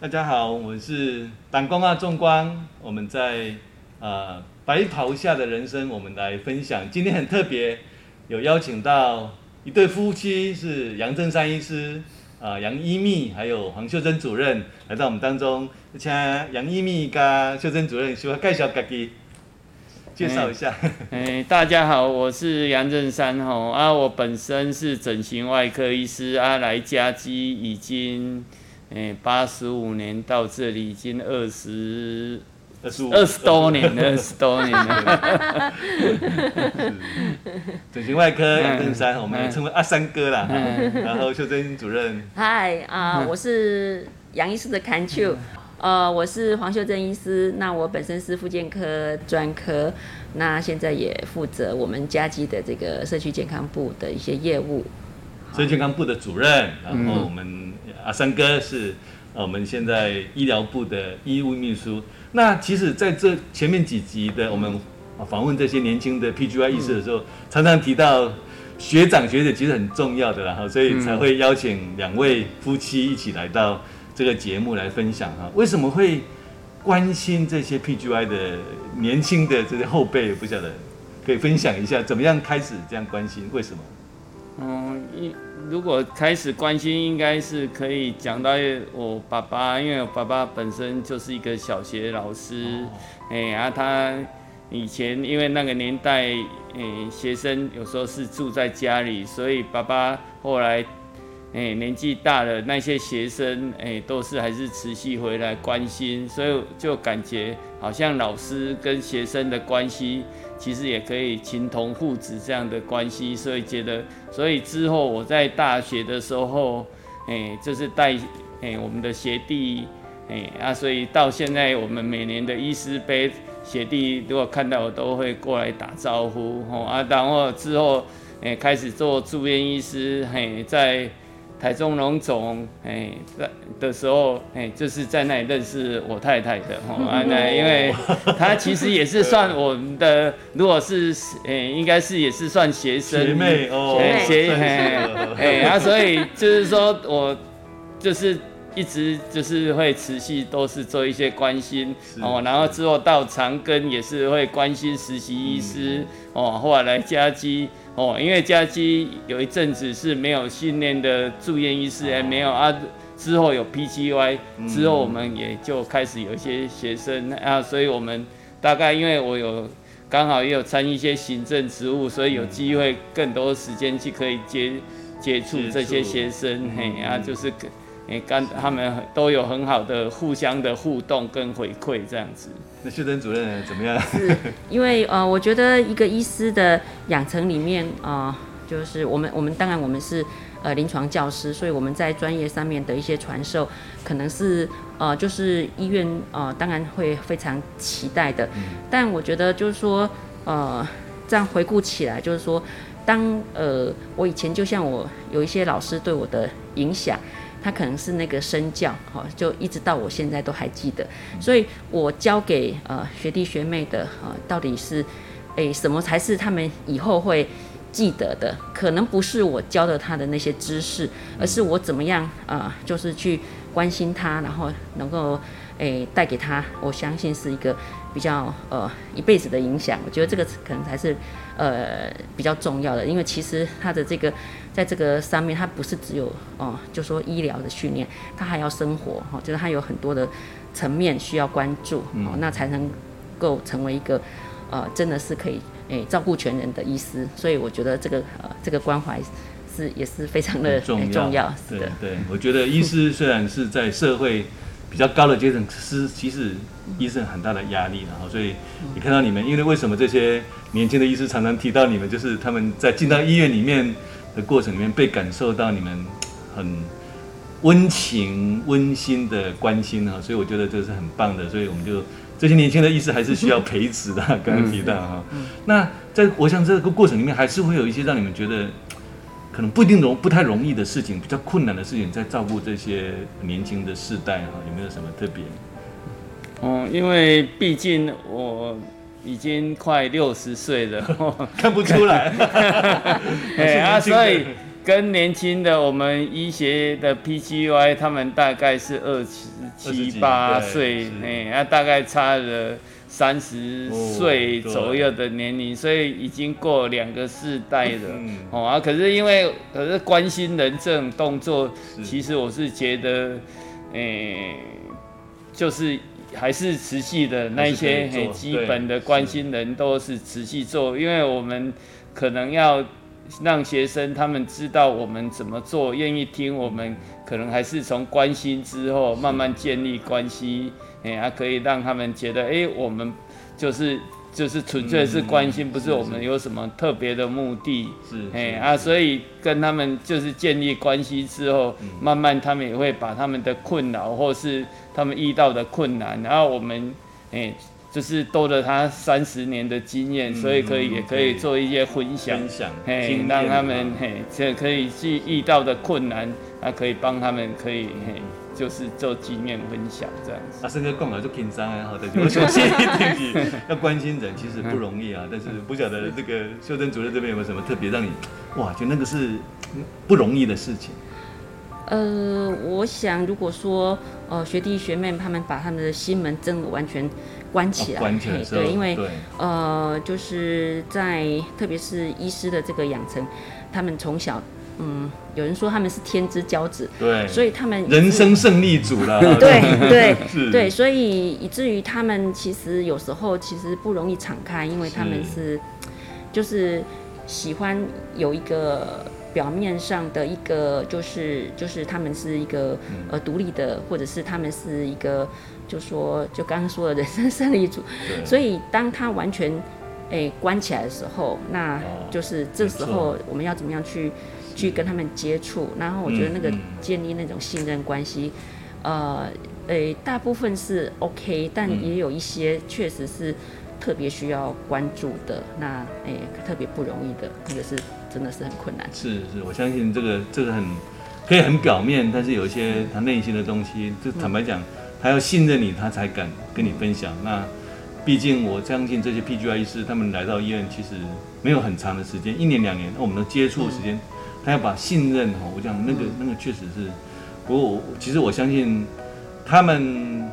大家好，我是黨光啊重光。我們在、呃、白袍下的人生，我們來分享。今天很特別，有邀請到一對夫妻，是楊正三醫師啊楊、呃、一密還有黃秀珍主任來到我們當中。而楊一密跟秀珍主任，需要介紹自己。介紹一下哎。 哎，大家好，我是楊正三，哦，啊，我本身是整形外科醫師啊，來嘉基已經，八十五年到這裡已經二十，二十五，二十多年，二十多年了， 多年了。 整形外科、嗯、楊正三，嗯，我們要稱為阿，嗯啊、三哥啦。嗯嗯，然後秀珍主任，嗨啊，我是楊醫師的 Can you？呃，我是黃秀珍醫師，那我本身是婦產科專科，那現在也負責我們嘉基的這個社區健康部的一些業務，社區健康部的主任。然後我們阿三哥是我們現在醫療部的醫務秘書。那其實在這前面幾集的我們訪問這些年輕的 PGY 醫師的時候，嗯、常常提到學長學姐其實很重要的，然後所以才會邀請兩位夫妻一起來到。這個節目來分享哈，為什麼會關心這些 PGY 的年輕的這些後輩？不曉得可以分享一下，怎麼樣開始這樣關心？為什麼？嗯，如果開始關心，應該是可以講到我爸爸，因為我爸爸本身就是一個小學老師，哦、哎，啊、他以前因為那個年代，哎，學生有時候是住在家裡，所以爸爸後來。哎，年紀大了，那些學生哎，都是還是持續回來關心，所以就感覺好像老師跟學生的關係，其實也可以情同父子這樣的關係，所以覺得，所以之後我在大學的時候，哎，就是帶哎我們的學弟哎啊，所以到現在我們每年的醫師盃學弟如果看到我都會過來打招呼，吼啊，然後之後，哎，開始做住院醫師，嘿，哎，在。台中榮總，哎、欸，在的時候，哎、欸，就是在那裡認識我太太的哦、啊，那因為她其實也是算我們的，如果是，哎、欸，應該是也是算學生，學妹哦，學妹，哎，那、欸欸啊、所以就是說我就是一直就是會持續都是做一些關心哦、喔，然後之後到長庚也是會關心實習醫師哦、嗯嗯喔，後來來嘉基。哦，因為嘉基有一陣子是沒有訓練的住院醫師，也沒有、嗯、啊。之後有 PGY，之後我們也就開始有一些學生、嗯、啊，所以我們大概因為我有剛好也有參與一些行政職務，所以有機會更多時間去可以接接觸這些學生，嘿、嗯嗯嗯嗯，啊，就是。你剛他們都有很好的互相的互動跟回饋，這樣子。那秀珍主任怎麼樣？是，因為呃，我覺得一個醫師的養成裡面啊，呃，就是我們我們當然我們是呃臨床教師，所以我們在專業上面的一些傳授，可能是呃就是醫院呃當然會非常期待的。但我覺得就是說呃這樣回顧起來，就是說當呃我以前就像我有一些老師對我的影響。他可能是那個身教，哈、哦，就一直到我現在都還記得。所以我教給呃學弟學妹的、呃、到底是，誒什麼才是他們以後會記得的？可能不是我教的他的那些知識，而是我怎麼樣啊、呃，就是去關心他，然後能夠誒帶給他，我相信是一個比較呃一輩子的影響。我覺得這個可能才是呃比較重要的，因為其實他的這個。在這個上面，他不是只有哦、呃，就說醫療的訓練，他還要生活哈、哦，就是他有很多的層面需要關注哦，那才能夠成為一個呃，真的是可以誒、欸、照顧全人的醫師。所以我覺得這個呃，這個關懷是也是非常的重要、嗯。重要。欸、重要是的對對，我覺得醫師雖然是在社會比較高的階層，是 其實醫生很大的壓力，然後所以你看到你們，因為為什麼這些年輕的醫師常常提到你們，就是他們在進到醫院裡面。的過程裡面被感受到你們很溫情、溫馨的關心哈，所以我覺得這是很棒的。所以我們就這些年輕的醫師，還是需要培植的。剛剛提到哈，那在我想這個過程裡面還是會有一些讓你們覺得可能不一定容不太容易的事情，比較困難的事情在照顧這些年輕的世代哈，有沒有什麼特別？嗯，因為畢竟我。已經快六十歲了， 看不出來。 哎啊， 所以 跟年輕的我們醫學的 PGY 他們大概是二十七八歲，哎，啊，大概差了三十歲左右的年齡，哦，所以已經過兩個世代了。哦 啊，可是因為可是關心人這種動作，其實我是覺得，哎，就是。還是持續的那一些很基本的關心人都是持續做，因為我們可能要讓學生他們知道我們怎麼做，願意聽我們，可能還是從關心之後慢慢建立關係，還、哎啊、可以讓他們覺得，哎，我們就是。就是純粹是關心、嗯嗯是是，不是我們有什麼特別的目的。是，哎、欸、啊，所以跟他們就是建立關係之後、嗯，慢慢他們也會把他們的困擾或是他們遇到的困難，然後我們，哎、欸，就是多了他三十年的經驗、嗯，所以可以也可以做一些分享、分享，哎、欸，讓他們，嘿、欸，這可以去遇到的困難。還、啊、可以幫他們，可以嘿就是做經驗分享這樣子。啊，生哥講了，做平常啊，好的，就小、是、心 要關心人其實不容易啊。 但是不曉得這個秀珍主任這邊有沒有什麼特別讓你哇，就那個是不容易的事情？呃，我想如果說呃學弟學妹他們把他們的心門真的完全關起來，啊、關起來對，對，因為呃就是在特別是醫師的這個養成，他們從小。嗯，有人說他們是天之驕子，對，所以他們以人生勝利組了， 對對對，所以以至於他們其實有時候其實不容易敞開，因為他們是，是就是喜歡有一個表面上的一個，就是就是他們是一個呃獨立的、嗯，或者是他們是一個就說就剛剛說的人生勝利組，所以當他完全誒、欸、關起來的時候，那就是這時候我們要怎麼樣去，嗯去跟他們接觸，然後我覺得那個建立那種信任關係，嗯嗯，呃，誒、欸，大部分是 OK，但也有一些確實是特別需要關注的，嗯、那誒、欸、特別不容易的，那個是真的是很困難。是是，我相信這個這個很可以很表面，但是有一些他內心的東西，就坦白講，嗯，他要信任你，他才敢跟你分享。那畢竟我相信這些 PGY 醫師他們來到醫院其實沒有很長的時間，一年兩年，那我們都接觸的時間。他要把信任哈，我講那個那個確實是，不過我其實我相信他們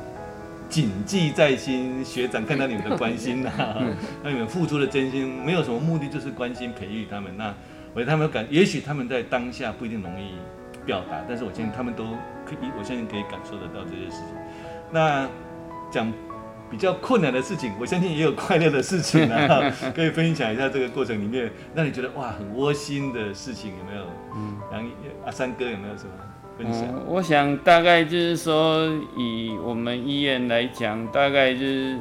謹記在心。學長看到你們的關心吶、啊，讓你們付出了真心，沒有什麼目的，就是關心培育他們。那我覺得他們感，也許他們在當下不一定容易表達，但是我相信他們都可以，我相信可以感受得到這些事情。那講。比較困難的事情，我相信也有快樂的事情啊， 可以分享一下這個過程裡面讓你覺得哇很窩心的事情有沒有？嗯，楊阿三哥有沒有什麼分享？嗯、我想大概就是說，以我們醫院來講，大概就是誒、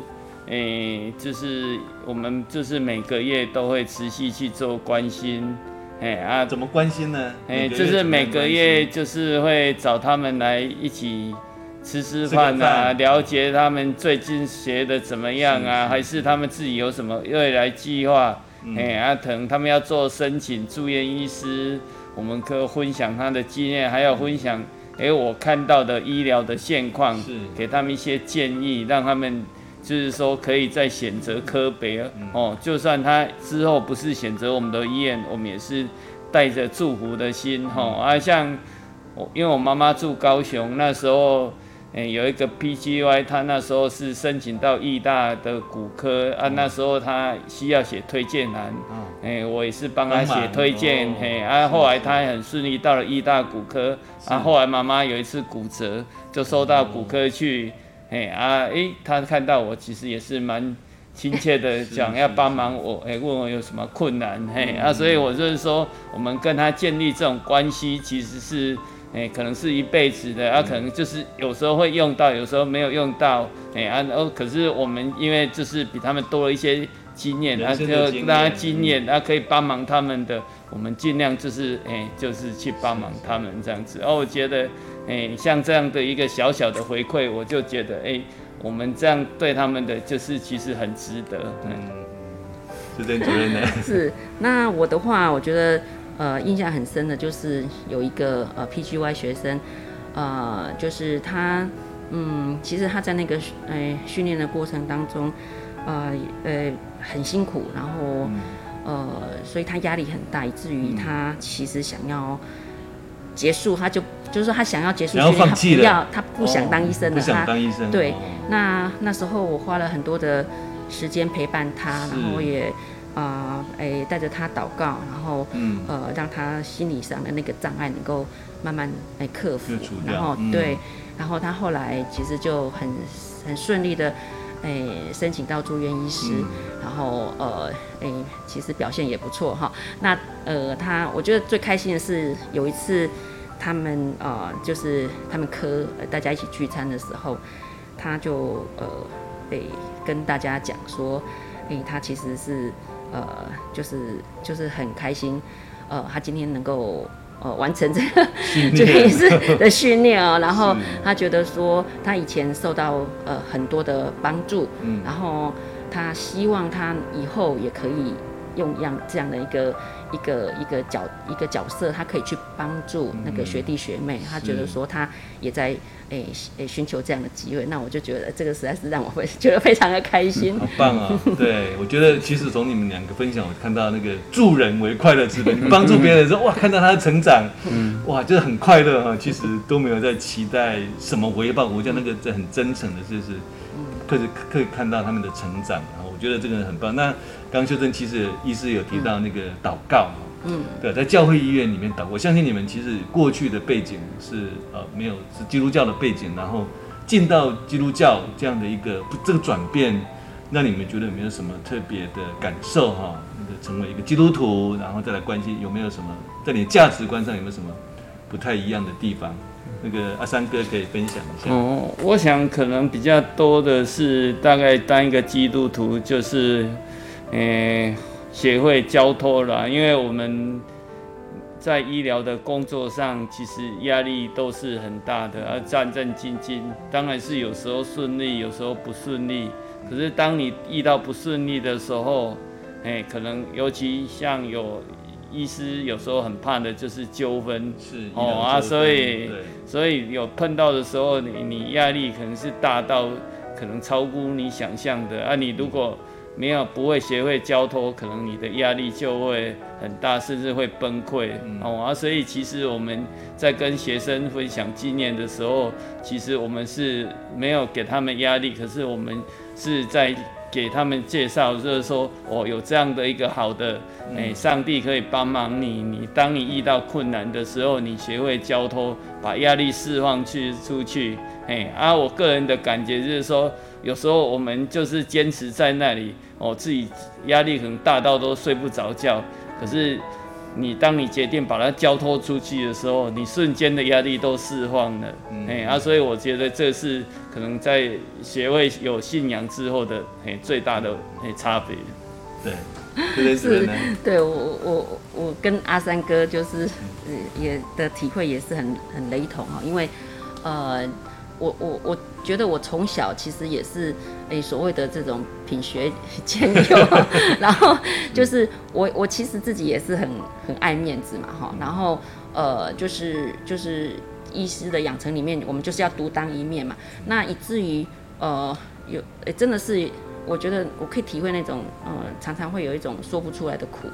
欸，就是我們就是每個月都會持續去做關心，哎、欸、啊，怎麼關心呢？哎、欸，就是每個月就是會找他們來一起。吃吃飯啊吃吃飯，了解他們最近學的怎麼樣啊？是是還是他們自己有什麼未來計劃？哎，阿騰、嗯啊、他們要做申請住院醫師，我們可以分享他的經驗，還有分享哎我看到的醫療的現況，給他們一些建議，讓他們就是說可以再選擇科別、嗯、哦。就算他之後不是選擇我們的醫院，我們也是帶着祝福的心哦、嗯，啊，像我因為我媽媽住高雄那時候。哎、欸，有一個 PGY，他那時候是申請到義大的骨科，嗯、啊，那時候他需要寫推薦函，哎、嗯啊欸，我也是幫他寫推薦，嘿，欸啊，啊，後來他也很順利到了義大骨科，啊，後來媽媽有一次骨折，就收到骨科去，嗯欸，啊，哎、欸，他看到我其實也是蠻親切的，講要幫忙我，哎、 欸，問我有什麼困難，嘿，欸嗯，啊，所以我就是說，我們跟他建立這種關係，其實是。哎、欸，可能是一輩子的、嗯，啊，可能就是有時候會用到，有時候沒有用到，哎、欸、啊，哦，可是我們因為就是比他們多了一些經驗，然後就大家經驗、嗯，啊，可以幫忙他們的，我們盡量就是，哎、欸，就是去幫忙他們這樣子，哦、喔，我覺得，哎、欸，像這樣的一個小小的回饋，我就覺得，哎、欸，我們這樣對他們的，就是其實很值得，嗯，是這樣，主任呢， 是，那我的話，我覺得。呃，印象很深的就是有一個呃 PGY 學生，呃，就是他，嗯，其實他在那個呃訓練的過程當中，呃呃很辛苦，然後、嗯、呃，所以他壓力很大，以至於他其實想要結束，嗯、他就就是說他想要結束，他不要，他不想當醫生了，哦、他不想當醫生。對，哦、那那時候我花了很多的時間陪伴他，然後也。啊、呃，哎、欸，帶着他禱告，然後，嗯，呃，讓他心理上的那個障礙能夠慢慢來、欸、克服，然後、嗯、對，然後他後來其實就很很順利的，哎、欸，申請到住院醫師，嗯、然後呃，哎、欸，其實表現也不錯哈。那呃，他我覺得最開心的是有一次他們呃，就是他們科、呃、大家一起聚餐的時候，他就呃，被，跟大家講說，哎、欸，他其實是。呃，就是就是很開心，呃，他今天能夠呃，完成這個醫師 的訓練哦，然後他覺得說他以前受到呃很多的幫助，嗯，然後他希望他以後也可以用這樣這樣的一個。一個一個角一個角色，他可以去幫助那個學弟學妹，嗯、他覺得說他也在哎，尋、欸欸、求這樣的機會，那我就覺得這個實在是讓我會覺得非常的開心。嗯、好棒啊、哦！ 對，我覺得其實從你們兩個分享，我看到那個助人為快樂之本，幫助別人的時候， 哇，看到他的成長，嗯、哇，就是很快樂哈、啊。其實都沒有在期待什麼回報，我覺得那個很真誠的，就是可是可以看到他們的成長，然後。我覺得這個人很棒。那剛，剛秀珍其實醫師有提到那個禱告嗯，對，在教會醫院裡面禱告。我相信你們其實過去的背景是呃沒有是基督教的背景，然後進到基督教這樣的一個這個轉變，那你們覺得有沒有什麼特別的感受哈、哦？那個成為一個基督徒，然後再來關心有沒有什麼在你價值觀上有沒有什麼不太一樣的地方？那個阿三哥可以分享一下哦，oh, 我想可能比較多的是，大概當一個基督徒就是，誒、欸，學會交托了，因為我們在醫療的工作上其實壓力都是很大的，而、啊、戰戰兢兢，當然是有時候順利，有時候不順利。可是當你遇到不順利的時候，誒、欸，可能尤其像有。醫師有時候很怕的就是糾紛，是哦啊，所以對，所以有碰到的時候，你你壓力可能是大到可能超乎你想象的啊。你如果沒有、嗯、不會學會交托，可能你的壓力就會很大，甚至會崩潰、嗯、哦啊。所以其實我們在跟學生分享經驗的時候，其實我們是沒有給他們壓力，可是我們是在。給他們介紹，就是說，哦，有這樣的一個好的，誒、哎，上帝可以幫忙你。你當你遇到困難的時候，你學會交托，把壓力釋放去出去。誒、哎，啊，我個人的感覺就是說，有時候我們就是堅持在那裡，哦，自己壓力很大到都睡不着覺，可是。你當你決定把它交托出去的時候，你瞬間的壓力都釋放了，哎、嗯欸、啊，所以我覺得這是可能在學會有信仰之後的哎、欸、最大的差別。對，真的是。對我我我我跟阿三哥就是也、呃、的體會也是很很雷同啊，因為，呃。我我我覺得我從小其實也是誒、欸、所謂的這種品學兼優， 然後就是我我其實自己也是很很愛面子嘛哈，然後呃就是就是醫師的養成裡面，我們就是要獨當一面嘛，那以至於呃有誒、欸、真的是我覺得我可以體會那種呃常常會有一種說不出來的苦，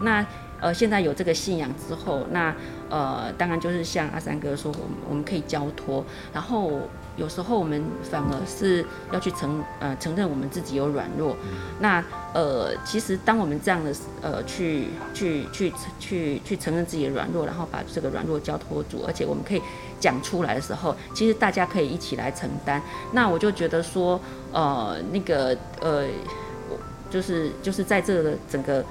那。呃，現在有這個信仰之後，那呃，當然就是像阿三哥說，我們我們可以交托，然後有時候我們反而是要去承呃承認我們自己有軟弱，那呃，其實當我們這樣的呃去去去去去承認自己的軟弱，然後把這個軟弱交托主，而且我們可以講出來的時候，其實大家可以一起來承擔。那我就覺得說，呃，那個呃，就是就是在這個整個。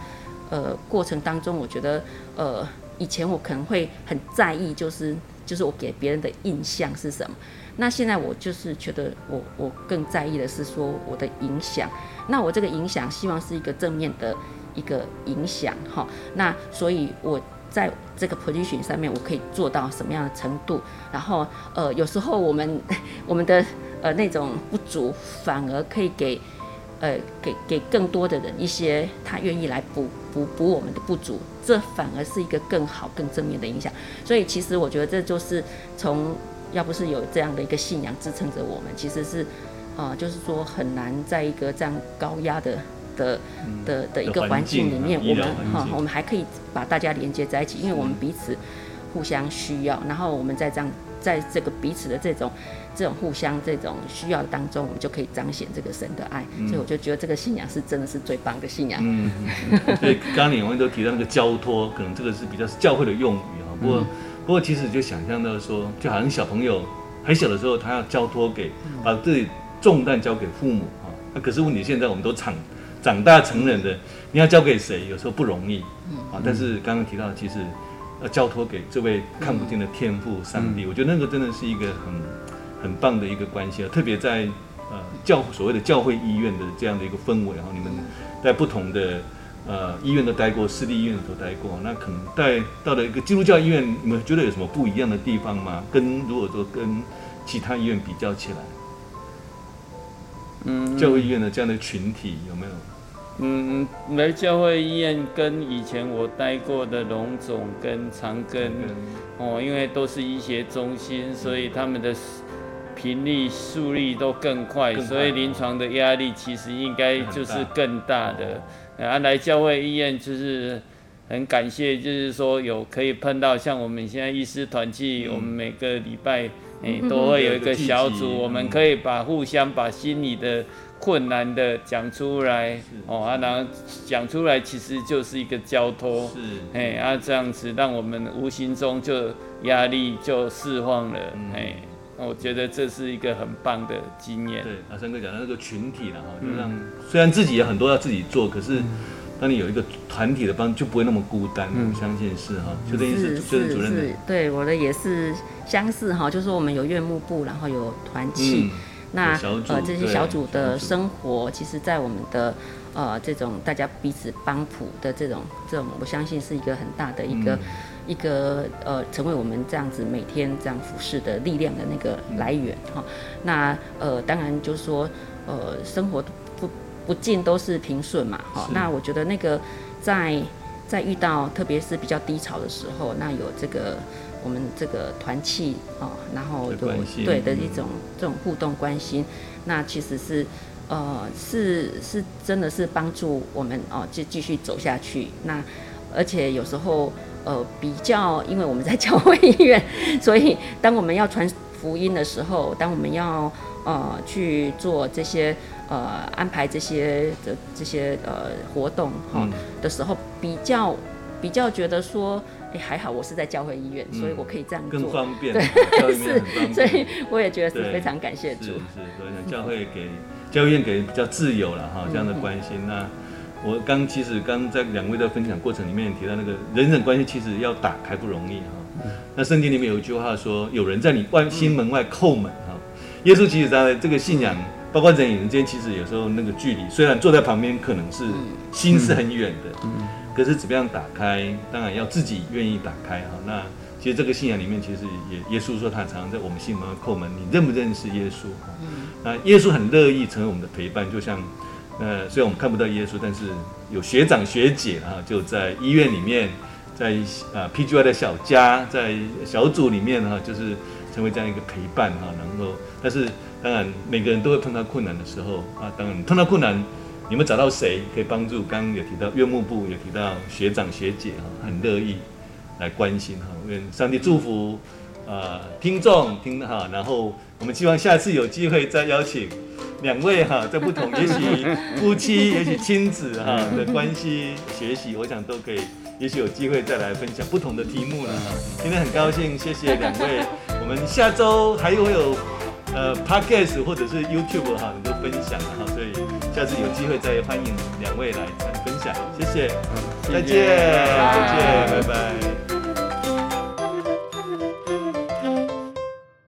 呃，過程當中，我覺得，呃，以前我可能會很在意，就是就是我給別人的印象是什麼。那現在我就是覺得我，我我更在意的是說我的影響。那我這個影響，希望是一個正面的一個影響，哈。那所以，我在這個 position 上面，我可以做到什麼樣的程度？然後，呃，有時候我們我們的呃那種不足，反而可以給。呃，給給更多的人一些他願意來補補補補我們的不足，這反而是一個更好，更正面的影響。所以其實我覺得這就是從要不是有這樣的一個信仰支撐着我們，其實是啊，呃，就是說很難在一個這樣高壓的的的的一個環境裡面，嗯、我們哈、哦、我們還可以把大家連接在一起，因為我們彼此互相需要，然後我們在這樣。在這個彼此的這種、這種互相、這種需要當中，我們就可以彰顯這個神的愛、嗯。所以我就覺得這個信仰是真的是最棒的信仰。嗯，所以剛剛你們都提到那個交托，可能這個是比較是教會的用語，不過、嗯，不過其實就想象到說，就好像小朋友很小的時候，他要交托給，把自己重擔交給父母啊。那可是問題，現在我們都長長大成人的，你要交給誰？有時候不容易啊。但是剛剛提到的，其實。呃，交託給這位看不見的天父上帝，我覺得那個真的是一個很很棒的一個關係啊。特別在呃教所謂的教會醫院的這樣的一個氛圍，然後你們在不同的呃醫院都待過，私立醫院都待過，那可能帶到了一個基督教醫院，你們覺得有什麼不一樣的地方嗎？跟如果說跟其他醫院比較起來，嗯、教會醫院的這樣的群體有沒有？嗯，來教會醫院跟以前我待過的龍總跟長庚、嗯，哦，因為都是醫學中心、嗯，所以他們的頻率速率都更快更，所以臨床的壓力其實應該就是更大的、嗯大哦。啊，來教會醫院就是很感謝，就是說有可以碰到，像我們現在醫師團契、嗯，我們每個禮拜哎都會有一個小組、嗯嗯嗯嗯，我們可以把互相把心裡的。困難的講出來哦，啊，然後講出來其實就是一個交托，是哎啊，這樣子讓我們無形中就壓力就釋放了，哎、嗯，我覺得這是一個很棒的經驗。對，阿、啊、三哥講的那個群體呢哈，就讓、嗯、雖然自己有很多要自己做，可是當你有一個團體的幫助，就不會那麼孤單。我、嗯、相信是哈，就等於是就是主任對我的也是相似哈，就說、是、我們有院牧部，然後有團契。嗯那呃，這些小組的生活，其實，在我們的呃這種大家彼此幫扶的這種這種，我相信是一個很大的一個、嗯、一個呃，成為我們這樣子每天這樣服侍的力量的那個來源哈、嗯。那呃，當然就是說呃，生活不不盡都是平順嘛哈。那我覺得那個在在遇到特別是比較低潮的時候，那有這個。我們這個團契啊，然後對對的一種這種互動關心，那其實是呃是是真的是幫助我們哦，就、呃、繼續走下去。那而且有時候呃比較，因為我們在教會醫院，所以當我們要傳福音的時候，當我們要呃去做這些呃安排這些這、呃、這些呃活動哈、喔嗯、的時候，比較。比較覺得說，哎、欸，還好我是在教會醫院、嗯，所以我可以這樣做，更方便。對，是，所以我也覺得是非常感謝主，是，是是教會給、嗯、教會院給比較自由了哈，這樣的關心。那我剛其實剛在兩位的分享過程裡面提到那個人人關係，其實要打開不容易哈、嗯。那聖經裡面有一句話說，有人在你外心門外叩門哈、嗯。耶穌其實在這個信仰，包括人與人之間，其實有時候那個距離，雖然坐在旁邊，可能是心是很遠的。嗯嗯可是怎麼樣打開？當然要自己願意打開哈。那其實這個信仰裡面，其實也耶穌說他常常在我們心門叩門，你認不認識耶穌？嗯。那耶穌很樂意成為我們的陪伴，就像呃，雖然我們看不到耶穌，但是有學長學姐啊，就在醫院裡面，在啊、呃、PGY 的小家，在小組裡面哈，就是成為這樣一個陪伴哈。然後，但是當然每個人都會碰到困難的時候啊，當然你碰到困難。你們找到誰可以幫助？剛剛有提到院牧部，有提到學長學姐哈，很樂意來關心哈。願上帝祝福啊，聽眾聽哈。然後我們希望下次有機會再邀請兩位哈，在不同， 也許夫妻，也許親子哈的關係學習，我想都可以。也許有機會再來分享不同的題目了哈。今天很高興，謝謝兩位。 我們下週還會有呃，Podcast 或者是 YouTube 哈，很多分享的哈，所以。下次有機會再歡迎兩位來來分享，謝謝，再見，嗯，再見，拜拜。